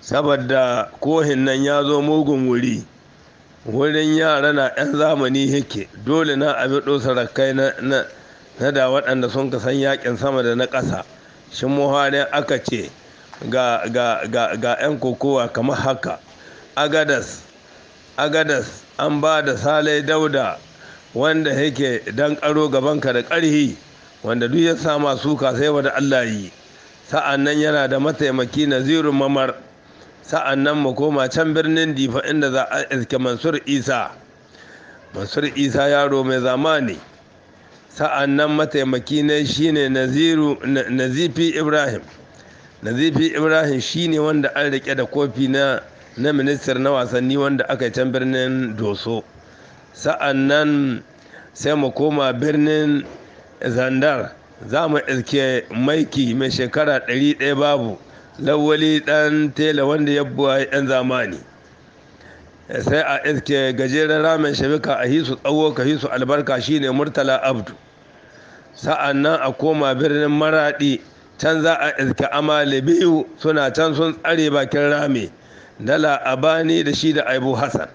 saboda kohin nan ya zo mugun wuri wurin yara na 'yan zamani yake dole na a biɗo sarakai na da waɗanda sun ka san yakin sama da na ƙasa shin muhari aka ce ga 'yan kokowa kamar haka agadas an ba da salai dauda wanda yake dan karo gabanka da ƙarhi wanda duk ya sama suka sai wada allah yi sa'an nan yana da mataimaki na zirin mamar sa'annan mu koma can birnin difa inda za a iske mansur isa mansur isa yaro mai zamani sa'annan mataimaki ne shine nazifi ibrahim nazifi ibrahim shi ne wanda an rike da kofi na na ministar na wasanni wanda aka can birnin doso sa'annan sai mu koma birnin zandar za mu iske maiki mai shekara 100 babu lawali ɗan tela wanda ya buwa yan zamani sai a iske gajeren ramen shabika a hisu tsawo ka hisu albarka shine murtala abdu sa'annan a koma birnin Maradi can za a iske amale biyu suna can sun tsare bakin rami dala abani da shi da aibu hassan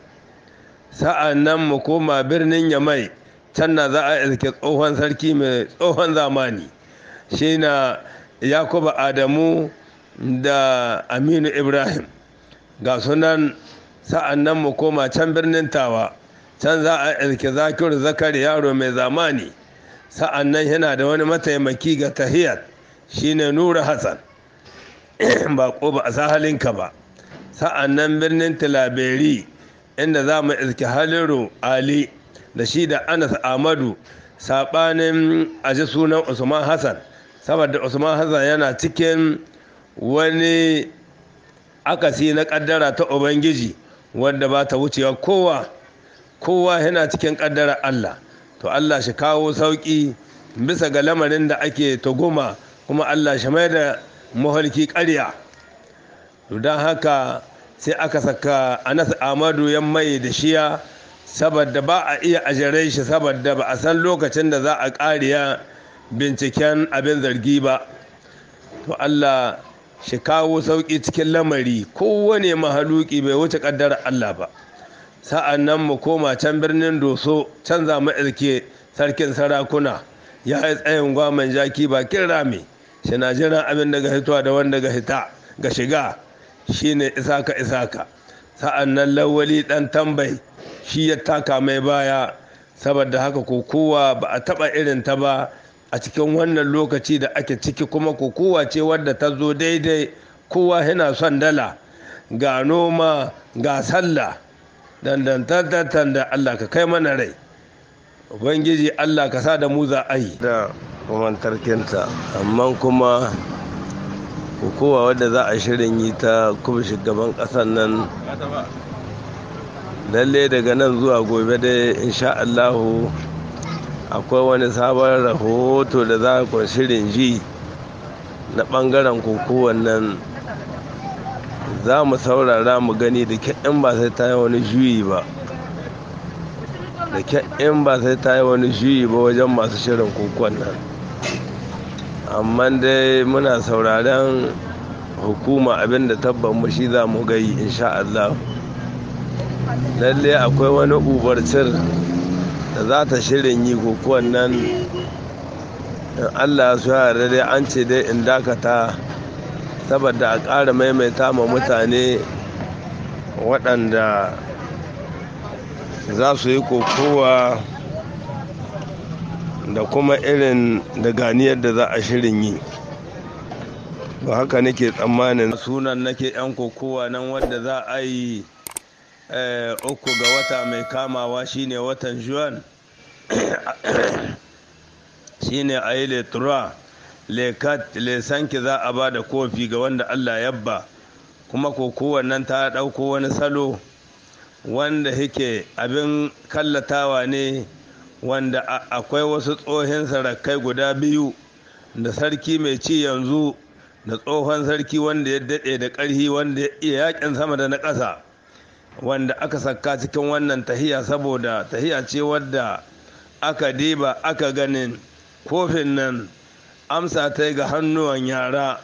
sa'annan mu koma birnin yamai can na za a iske tsohon sarki mai tsohon zamani shi na yakuba adamu da aminu ibrahim ga sunan sa'an nan mu koma can birnin tawa can za a ilki zakiru zakari yaro mai zamani sa'an nan yana da wani mataimaki ga tahiyar shine nura hassan ko ba a sa halinka ba sa'an nan birnin tilaberi inda za mu ilki haliru ali da shi da anas amadu saɓanin aji sunan usman hassan saboda usman hassan yana cikin wani akasi na kaddara ta ubangiji wanda ba ta wucewa kowa kowa yana cikin kaddara Allah to Allah shi kawo sauki bisa ga lamarin da ake tuguma kuma Allah shi mai da mahalki ƙarya to don haka sai aka saka Anas Amadu ya mai da shiya saboda ba a iya ajare shi saboda ba a san lokacin da za a ƙariya binciken abin zargi ba to Allah shi kawo sauƙi cikin lamari kowane mahaluki bai wuce ƙaddarar Allah ba sa'an nan mu koma can birnin doso can za irke sarkin sarakuna ya yi tsayin gwaman jaki bakin rami shi na jiran abin daga hitowa da wanda ga hita ga shiga shine isaka isaka sa'an nan lawali ɗan tambayi shi ya taka mai baya saboda haka kowa ba a taɓa irin ta ba a cikin wannan lokaci da ake ciki kuma kowa ce wadda ta zo daidai kowa yana son dala ga noma ga sallah dandantattattan da Allah ka kai mana rai ubangiji Allah ka sa da mu za a yi da kumantarkinta amma kuma kowa wadda za a shirin yi ta kuma shugaban kasan nan lalle daga nan zuwa gobe dai insha Allahu akwai wani sabon rahoto da za a shirin ji na ɓangaren koko nan za mu saurara mu gani da kyan ba sai ta yi wani juyi ba da in ba sai ta yi wani juyi ba wajen masu shirin kokon nan amma dai muna sauraren hukuma abinda da tabban mu shi za mu gai insha Allah lalle akwai wani ubarcin da za ta shirin yi kokuwan nan in allah su yare dai an ce dai in dakata saboda a ƙara maimaita ma mutane waɗanda za su yi kokowa da kuma irin da ganiyar da za a shirin yi ba haka nake tsammanin sunan nake 'yan kokowa nan wadda za a yi Eh, uku ga wata mai kamawa shine watan juan shine a yi letura lekat lesanki za a ba da kofi ga wanda allah yabba kuma ko nan ta ɗauko wani salo wanda yake abin kallatawa ne wanda akwai wasu tsohin sarakai guda biyu da sarki mai ci yanzu da tsohon sarki wanda ya daɗe da ƙarhi wanda ya yakin sama da na ƙasa wanda aka saka cikin wannan tahiya saboda tahiya ce wadda aka diba aka ganin kofin nan amsa ta ga hannuwan yara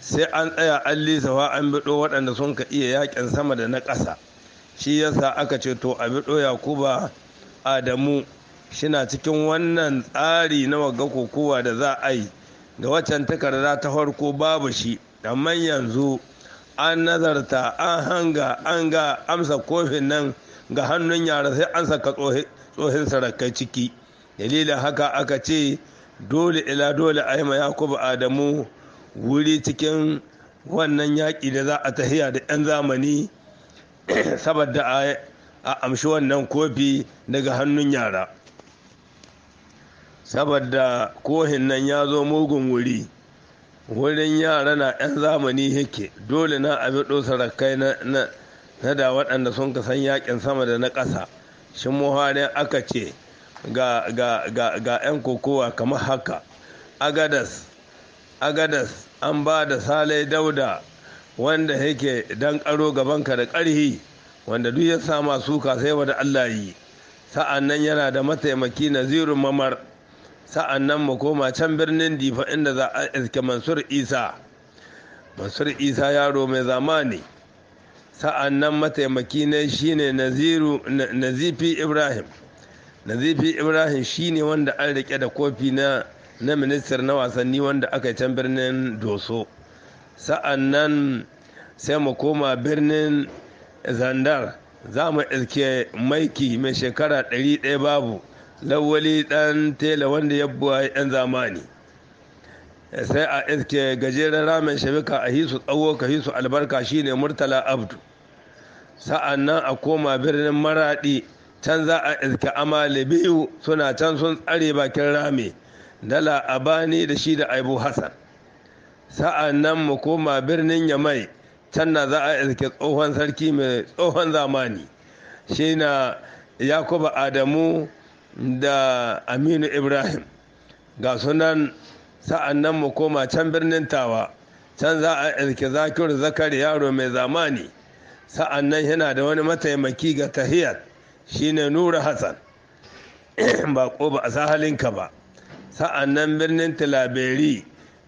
sai an tsaya an lisawa an biɗo waɗanda sun ka iya yakin sama da na ƙasa shi yasa aka ce to a biɗo yakuba adamu shina cikin wannan tsari na wagga kokowa da za a yi ga waccan takarda ta farko babu shi amma yanzu an nazarta an hanga an ga amsa kofin nan ga hannun yara sai an saka tsohin sarakai ciki dalilin haka aka ce dole ila dole a yi ma yakubu adamu wuri cikin wannan yaƙi da za a tahiya da 'yan zamani saboda a amshi wannan kofi daga hannun yara saboda kohin nan ya zo mugun wuri wurin yara na 'yan zamani yake dole na abin dosa rakai na da waɗanda sun ka san yakin sama da na ƙasa shi muhari aka ce ga 'yan kokowa kamar haka agadas an ba da salai dauda wanda yake don karo gabanka da ƙarhi wanda duk ya sama suka sai wada allah yi sa'an nan yana da mataimaki na mamar sa'annan mu koma can birnin difa inda za a iske mansur isa mansur isa yaro mai zamani sa'annan mataimaki ne shine naziru nazifi ibrahim nazifi ibrahim shine wanda an rike da kofi na na ministar na wasanni wanda aka can birnin doso sa'annan sai mu koma birnin zandar za mu iske maiki mai shekara 100 babu lawali ɗan tela wanda ya buwa 'yan zamani sai a iske gajeren ramen shabika a hisu tsawo ka hisu albarka shine murtala abdu sa'an nan a koma birnin Maradi can za a iske amale biyu suna can sun tsare bakin rame dala abani da shi da aibu hassan sa'an nan mu koma birnin yamai can na za a iske tsohon sarki mai tsohon zamani shi na yakuba adamu da aminu ibrahim ga sunan sa'an nan mu koma can birnin tawa can za a irki zakiru zakari yaro mai zamani sa'an nan yana da wani mataimaki ga tahiyar shine nura hassan ba ko ba a sahalinka ba sa'an birnin tilaberi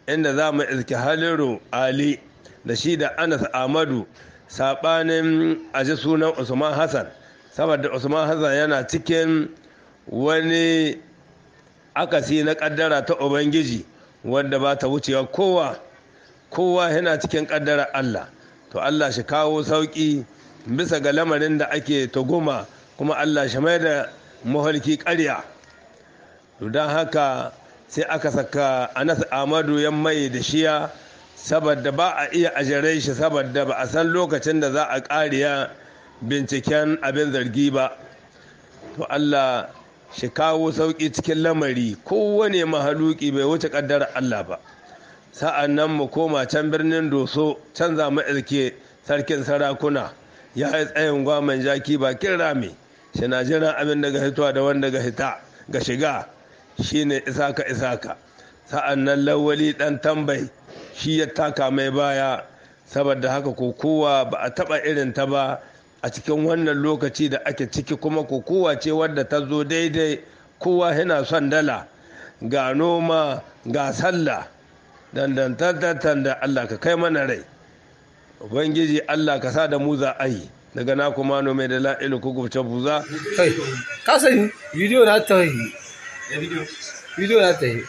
inda za mu irki haliru ali da shi da anas amadu saɓanin aji sunan usman hassan saboda usman hassan yana cikin wani akasi na kaddara ta ubangiji wanda ba ta wucewa kowa kowa yana cikin kaddara Allah to Allah shi kawo sauki bisa ga lamarin da ake tuguma kuma Allah shi mai da mahalki karya don haka sai aka saka anas amadu ya mai da shiya saboda ba a iya ajare shi saboda ba a san lokacin da za a ƙariya binciken abin zargi ba to Allah shi kawo sauƙi cikin lamari kowane mahaluki bai wuce ƙaddar Allah ba sa'an nan mu koma can birnin doso can mu ilke sarkin sarakuna ya yi tsayin gwaman jaki bakin rami shi na jiran abin daga hitowa da wanda ga hita ga shiga shine isaka isaka sa'an nan lawali ɗan tambayi shi ya taka mai baya saboda haka ko kowa ba a taɓa irin ta ba a cikin wannan lokaci da ake ciki kuma kokowa ce wadda ta zo daidai kowa yana son dala ga noma ga sallah dandantattattan da allah ka kai mana rai ubangiji allah ka sa da mu za a yi daga na kuma nome da la'ilu ko gubce buza kasan video bidiyo na ta yi bidiyo na ta yi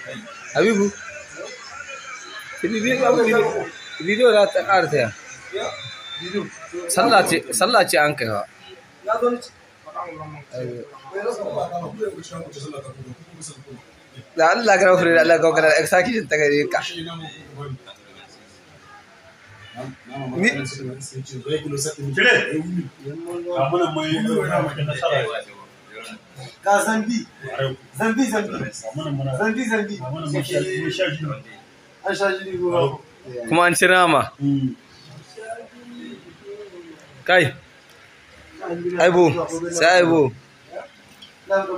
bidiyo na ta ƙara ta yi sallah ce ce an kaiwa da Allah ga da Allah ga da ka kuma an ci rama kai aibu sai aibu kwana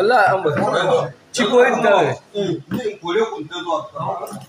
Allah 去过一次，嗯，那过了很多多。